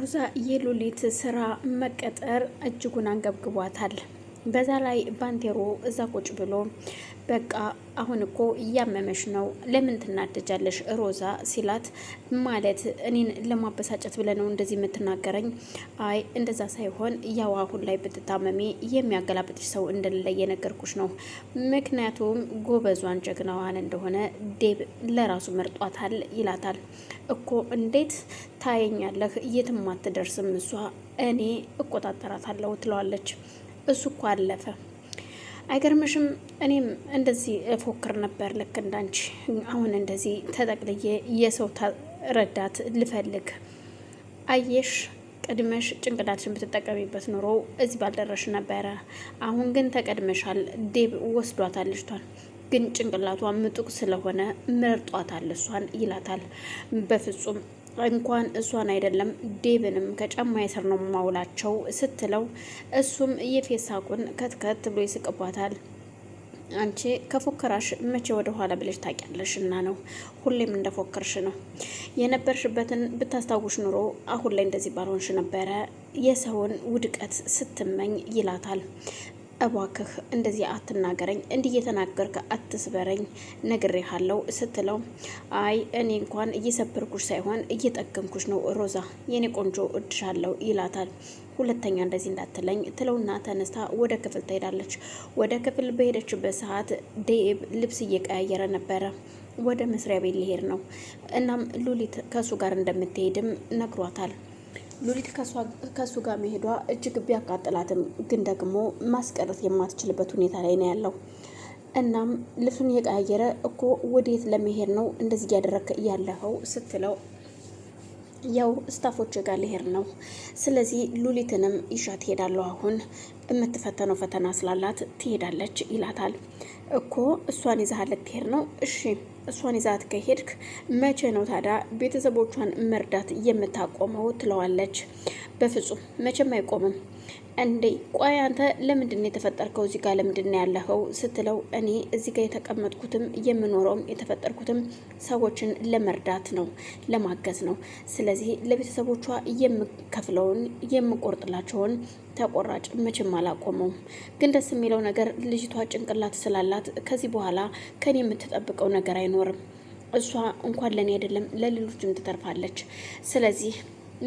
ሮዛ የሉሊት ስራ መቀጠር እጅጉን አንገብግቧታል። በዛ ላይ ባንቴሮ እዛ ቁጭ ብሎ በቃ አሁን እኮ እያመመሽ ነው፣ ለምን ትናደጃለሽ ሮዛ ሲላት፣ ማለት እኔን ለማበሳጨት ብለህ ነው እንደዚህ የምትናገረኝ? አይ እንደዛ ሳይሆን ያው አሁን ላይ ብትታመሜ የሚያገላብጥሽ ሰው እንደሌለ እየነገርኩሽ ነው። ምክንያቱም ጎበዟን ጀግናዋን እንደሆነ ዴብ ለራሱ መርጧታል ይላታል። እኮ እንዴት ታየኛለህ? የትም አትደርስም እሷ፣ እኔ እቆጣጠራታለሁ ትለዋለች። እሱ እኮ አለፈ አይገርምሽም? እኔም እንደዚህ እፎክር ነበር ልክ እንዳንቺ። አሁን እንደዚህ ተጠቅልዬ የሰው ረዳት ልፈልግ። አየሽ ቅድመሽ ጭንቅላትሽን ብትጠቀሚበት ኑሮ እዚህ ባልደረሽ ነበረ። አሁን ግን ተቀድመሻል። ዴብ ወስዷታል ልጅቷን። ግን ጭንቅላቷ ምጡቅ ስለሆነ መርጧታል እሷን ይላታል። በፍጹም እንኳን እሷን አይደለም ዴብንም ከጫማ ስር ነው ማውላቸው ስትለው እሱም የፌሳቁን ከትከት ብሎ ይስቅባታል። አንቺ ከፎከራሽ መቼ ወደ ኋላ ብለሽ ታውቂያለሽ? እና ነው ሁሌም እንደፎከርሽ ነው የነበርሽበትን ብታስታውሽ ኑሮ አሁን ላይ እንደዚህ ባልሆንሽ ነበረ የሰውን ውድቀት ስትመኝ ይላታል። እባክህ እንደዚህ አትናገረኝ፣ እንዲህ እየተናገርክ አትስበረኝ፣ ነግሬሃለሁ ስትለው አይ እኔ እንኳን እየሰበርኩሽ ሳይሆን እየጠገንኩሽ ነው ሮዛ፣ የኔ ቆንጆ እድሻለሁ ይላታል። ሁለተኛ እንደዚህ እንዳትለኝ ትለውና ተነስታ ወደ ክፍል ትሄዳለች። ወደ ክፍል በሄደችበት ሰዓት ዴብ ልብስ እየቀያየረ ነበረ። ወደ መስሪያ ቤት ሊሄድ ነው። እናም ሉሊት ከእሱ ጋር እንደምትሄድም ነግሯታል። ሉሊት ከእሱ ጋር መሄዷ እጅግ ቢያቃጥላትም ግን ደግሞ ማስቀረት የማትችልበት ሁኔታ ላይ ነው ያለው። እናም ልብሱን እየቀያየረ እኮ ወዴት ለመሄድ ነው እንደዚህ እያደረግ ያለኸው ስትለው ያው ስታፎች ጋር ልሄድ ነው። ስለዚህ ሉሊትንም ይሻ ትሄዳለሁ። አሁን የምትፈተነው ፈተና ስላላት ትሄዳለች ይላታል። እኮ እሷን ይዛሃ ልትሄድ ነው። እሺ እሷን ይዛት ከሄድክ መቼ ነው ታዲያ ቤተሰቦቿን መርዳት የምታቆመው? ትለዋለች። በፍጹም መቼም አይቆምም። እንዴ ቆይ አንተ ለምንድን ነው የተፈጠርከው? እዚህ ጋር ለምንድን ነው ያለኸው? ስትለው እኔ እዚህ ጋር የተቀመጥኩትም የምኖረውም የተፈጠርኩትም ሰዎችን ለመርዳት ነው፣ ለማገዝ ነው። ስለዚህ ለቤተሰቦቿ የምከፍለውን የምቆርጥላቸውን ተቆራጭ መቼም አላቆመውም። ግን ደስ የሚለው ነገር ልጅቷ ጭንቅላት ስላላት ከዚህ በኋላ ከኔ የምትጠብቀው ነገር አይኖርም። እሷ እንኳን ለእኔ አይደለም ለሌሎችም ትተርፋለች። ስለዚህ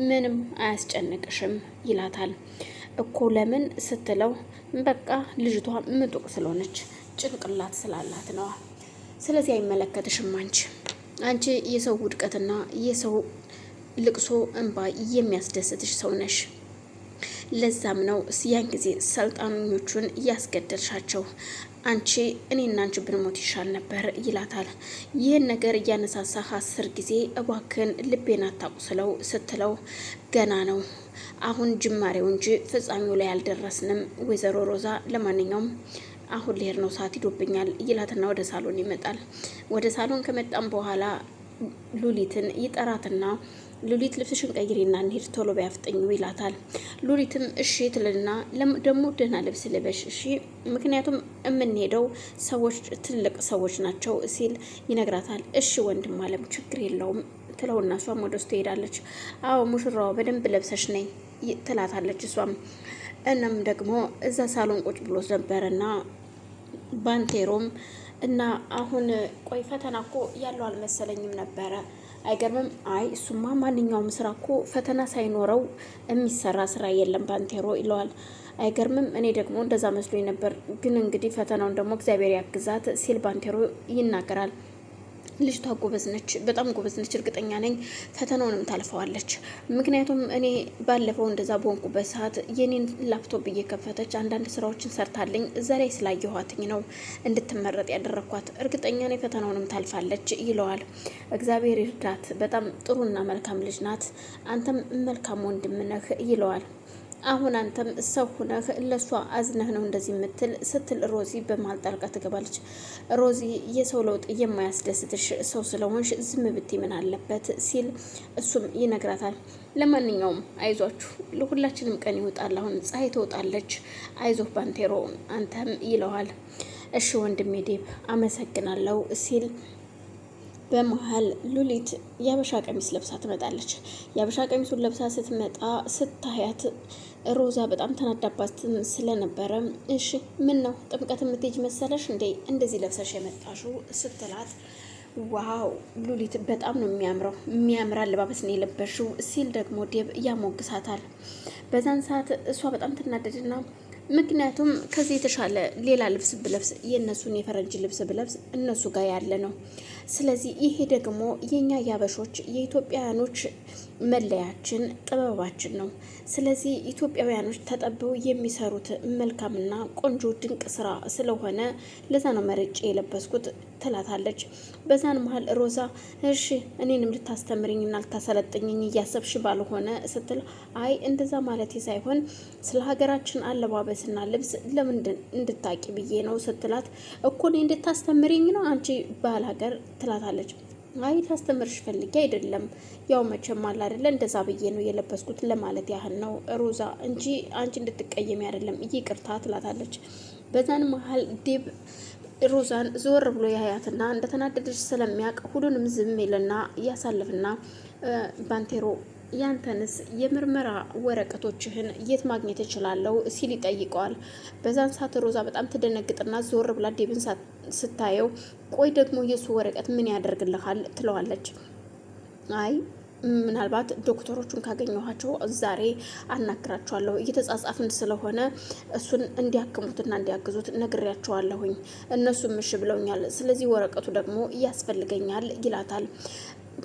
ምንም አያስጨንቅሽም ይላታል። እኮ ለምን ስትለው በቃ ልጅቷ ምጡቅ ስለሆነች ጭንቅላት ስላላት ነዋ። ስለዚህ አይመለከትሽም አንቺ አንቺ የሰው ውድቀትና የሰው ልቅሶ እንባ የሚያስደስትሽ ሰው ነሽ። ለዛም ነው ስያን ጊዜ ሰልጣኞቹን እያስገደልሻቸው አንቺ እኔና አንቺ ብንሞት ይሻል ነበር ይላታል። ይህን ነገር እያነሳሳህ አስር ጊዜ እባክን ልቤን አታቁስለው ስትለው ገና ነው አሁን ጅማሬው እንጂ ፍጻሜው ላይ አልደረስንም። ወይዘሮ ሮዛ ለማንኛውም አሁን ልሄድ ነው ሰዓት ይዶብኛል ይላትና ወደ ሳሎን ይመጣል። ወደ ሳሎን ከመጣም በኋላ ሉሊትን ይጠራትና ሉሊት ልብስሽን ቀይሬና እንሄድ ቶሎ ቢያፍጠኙ ይላታል። ሉሊትም እሺ ትልና ደግሞ ደህና ልብስ ልበሽ እሺ፣ ምክንያቱም የምንሄደው ሰዎች ትልቅ ሰዎች ናቸው ሲል ይነግራታል። እሺ ወንድም አለም ችግር የለውም ትለውና እሷም ወደ ውስጥ ትሄዳለች። አዎ ሙሽራዋ በደንብ ለብሰሽ ነኝ ትላታለች እሷም። እናም ደግሞ እዛ ሳሎን ቁጭ ብሎ ነበረና ባንቴሮም እና አሁን ቆይ ፈተና እኮ ያለው አልመሰለኝም ነበረ አይገርምም? አይ እሱማ ማንኛውም ስራ እኮ ፈተና ሳይኖረው የሚሰራ ስራ የለም ባንቴሮ ይለዋል። አይገርምም? እኔ ደግሞ እንደዛ መስሎኝ ነበር፣ ግን እንግዲህ ፈተናውን ደግሞ እግዚአብሔር ያግዛት ሲል ባንቴሮ ይናገራል። ልጅቷ ጎበዝ ነች፣ በጣም ጎበዝ ነች። እርግጠኛ ነኝ ፈተናውንም ታልፈዋለች። ምክንያቱም እኔ ባለፈው እንደዛ በሆንኩበት ሰዓት የኔን ላፕቶፕ እየከፈተች አንዳንድ ስራዎችን ሰርታለኝ እዛ ላይ ስላየኋትኝ ነው እንድትመረጥ ያደረግኳት። እርግጠኛ ነኝ ፈተናውንም ታልፋለች ይለዋል። እግዚአብሔር ይርዳት፣ በጣም ጥሩና መልካም ልጅ ናት። አንተም መልካም ወንድም ነህ ይለዋል። አሁን አንተም ሰው ሁነህ ለእሷ አዝነህ ነው እንደዚህ የምትል ስትል ሮዚ በመሀል ጣልቃ ትገባለች። ሮዚ የሰው ለውጥ የማያስደስትሽ ሰው ስለሆንሽ ዝም ብት ምን አለበት ሲል እሱም ይነግራታል። ለማንኛውም አይዟችሁ፣ ለሁላችንም ቀን ይወጣል። አሁን ፀሐይ ትወጣለች። አይዞህ ባንቴሮ አንተም ይለዋል። እሺ ወንድሜ ዴብ አመሰግናለሁ ሲል በመሀል ሉሊት የአበሻ ቀሚስ ለብሳ ትመጣለች። የአበሻ ቀሚሱን ለብሳ ስትመጣ ስታያት ሮዛ በጣም ተናዳባትን ስለነበረ እሺ ምን ነው ጥምቀት የምትሄጅ መሰለሽ እንዴ እንደዚህ ለብሰሽ የመጣሽው ስትላት፣ ዋው ሉሊት በጣም ነው የሚያምረው የሚያምር አለባበስ ነው የለበሽው ሲል ደግሞ ዴብ ያሞግሳታል። በዛን ሰዓት እሷ በጣም ትናደድና ምክንያቱም ከዚህ የተሻለ ሌላ ልብስ ብለብስ የእነሱን የፈረንጅ ልብስ ብለብስ እነሱ ጋር ያለ ነው ስለዚህ ይሄ ደግሞ የኛ ያበሾች የኢትዮጵያውያኖች መለያችን ጥበባችን ነው። ስለዚህ ኢትዮጵያውያኖች ተጠበው የሚሰሩት መልካምና ቆንጆ ድንቅ ስራ ስለሆነ ለዛ ነው መርጬ የለበስኩት ትላታለች። በዛን መሀል ሮዛ እሺ እኔንም ልታስተምርኝና ልታሰለጥኝኝ እያሰብሽ ባልሆነ ስትል፣ አይ እንደዛ ማለት ሳይሆን ስለ ሀገራችን አለባበስና ልብስ ለምንድን እንድታቂ ብዬ ነው ስትላት፣ እኮ እኔ እንድታስተምሪኝ ነው አንቺ ባል ሀገር ትላታለች። አይ ታስተምርሽ ፈልጌ አይደለም። ያው መቼም አለ አይደለ እንደዛ ብዬ ነው የለበስኩት ለማለት ያህል ነው ሮዛ እንጂ አንቺ እንድትቀየሚ አይደለም። ይቅርታ ትላታለች። በዛን መሀል ዴብ ሮዛን ዞር ብሎ ያያትና እንደተናደደች ስለሚያውቅ ሁሉንም ዝም ይልና ያሳልፍና ባንቴሮ ያንተንስ የምርመራ ወረቀቶችህን የት ማግኘት እችላለሁ ሲል ይጠይቀዋል። በዛን ሰዓት ሮዛ በጣም ትደነግጥና ዞር ብላ ዴብን ስታየው፣ ቆይ ደግሞ የእሱ ወረቀት ምን ያደርግልሃል ትለዋለች። አይ ምናልባት ዶክተሮቹን ካገኘኋቸው ዛሬ አናግራቸዋለሁ። እየተጻጻፍን ስለሆነ እሱን እንዲያክሙትና እንዲያግዙት ነግሬያቸዋለሁኝ። እነሱም እሺ ብለውኛል። ስለዚህ ወረቀቱ ደግሞ ያስፈልገኛል ይላታል።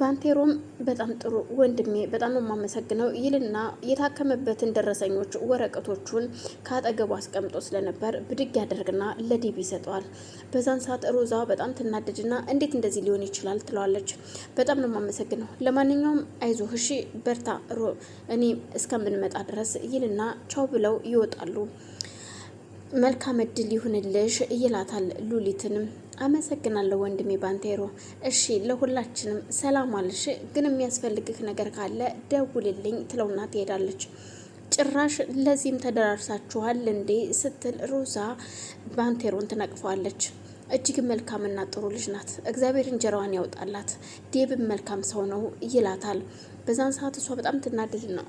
ባንቴሮም በጣም ጥሩ ወንድሜ፣ በጣም ነው የማመሰግነው ይልና የታከመበትን ደረሰኞች ወረቀቶቹን ከአጠገቡ አስቀምጦ ስለነበር ብድግ ያደርግና ለዲብ ይሰጠዋል። በዛን ሰዓት ሮዛ በጣም ትናደድና እንዴት እንደዚህ ሊሆን ይችላል ትለዋለች። በጣም ነው የማመሰግነው፣ ለማንኛውም አይዞህ፣ እሺ በርታ፣ እኔ እስከምንመጣ ድረስ ይልና ቻው ብለው ይወጣሉ። መልካም እድል ይሁንልሽ ይላታል። ሉሊትንም አመሰግናለሁ ወንድሜ ባንቴሮ። እሺ ለሁላችንም ሰላም አልሽ፣ ግን የሚያስፈልግህ ነገር ካለ ደውልልኝ ትለውና ትሄዳለች። ጭራሽ ለዚህም ተደራርሳችኋል እንዴ ስትል ሮዛ ባንቴሮን ትነቅፈዋለች። እጅግ መልካምና ጥሩ ልጅ ናት፣ እግዚአብሔር እንጀራዋን ያውጣላት፣ ዴብም መልካም ሰው ነው ይላታል። በዛን ሰዓት እሷ በጣም ነው።